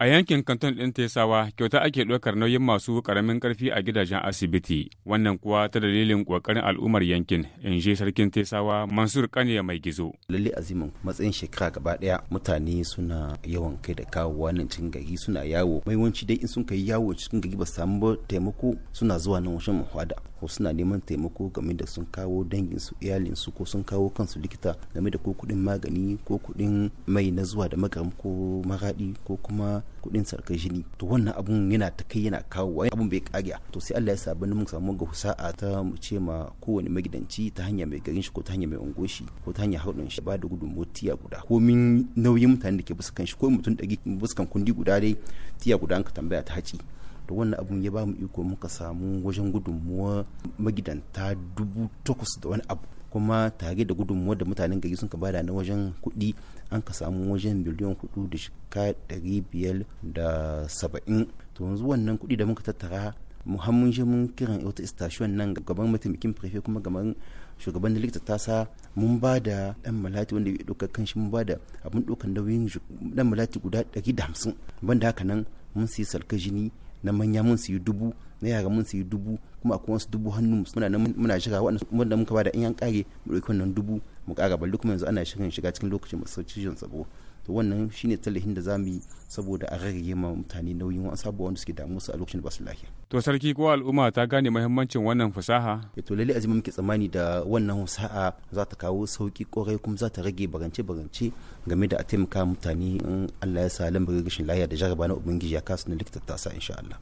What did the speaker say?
A yankin kanton ɗin Tesawa, kyauta ake ɗaukar nauyin masu ƙaramin ƙarfi a gidajen asibiti, wannan kuwa ta dalilin ƙoƙarin al'ummar yankin, in je sarkin Tesawa Mansur Kane mai gizo. Lalle azimin matsayin shekara gaba ɗaya mutane suna yawan kai da kawo wannan cikin gari suna yawo. Maiwanci dai in sun kai yawo cikin gari ba samu ba taimako suna zuwa nan wajen muhada. ko suna neman taimako game da sun kawo danginsu iyalinsu ko sun kawo kansu likita game da ko kudin magani ko kudin mai na zuwa da magam ko maraɗi ko kuma kudin sarkar jini to wannan abun yana ta kai yana kawo abun bai kage to sai Allah ya sa mun samu ga husa'a ta mu ce ma kowane magidanci ta hanya mai garin shi ko ta hanya mai ungoshi ko ta hanya haɗin shi ba da gudun tiya guda min nauyin mutane da ke buskan shi ko mutum ɗari buskan kundi guda dai tiya guda an ka tambaya ta haci to wannan abun ya ba mu iko muka samu wajen gudunmuwa magidanta dubu takwas da wani abu kuma tare da gudunmuwa da mutanen gari sun ka bada na wajen kuɗi an ka samu wajen miliyan hudu da shika ɗari biyar da saba'in to yanzu wannan kuɗi da muka tattara muhammun shi mun kiran wata station nan gaban mataimakin prefe kuma gaban shugaban likita tasa mun ba da dan malati wanda ya dauka kan shi mun ba da abin ɗaukan nauyin dan malati guda ɗari da hamsin da haka nan mun siya salka jini na manya mun siyi dubu na yara mun yi dubu kuma akwai wasu dubu hannu muna nan muna shiga wanda muka da in yan kare mu ɗauki wannan dubu mu ƙara balli kuma yanzu ana shirin shiga cikin lokacin masu cizon sabo to wannan shine tallahin da zamu yi saboda a rage ma mutane nauyin wasu abubuwa wanda suke damu su a lokacin ba su lafiya to sarki ko al'umma ta gane muhimmancin wannan fasaha eh, to lalle azumi muke tsammani da wannan fasaha za ta kawo sauki kwarai kuma za ta rage barance barance game da a taimaka mutane in Allah ya sa lambar rashin lafiya da jaraba na ubangiji ya kasu na likita tasa insha Allah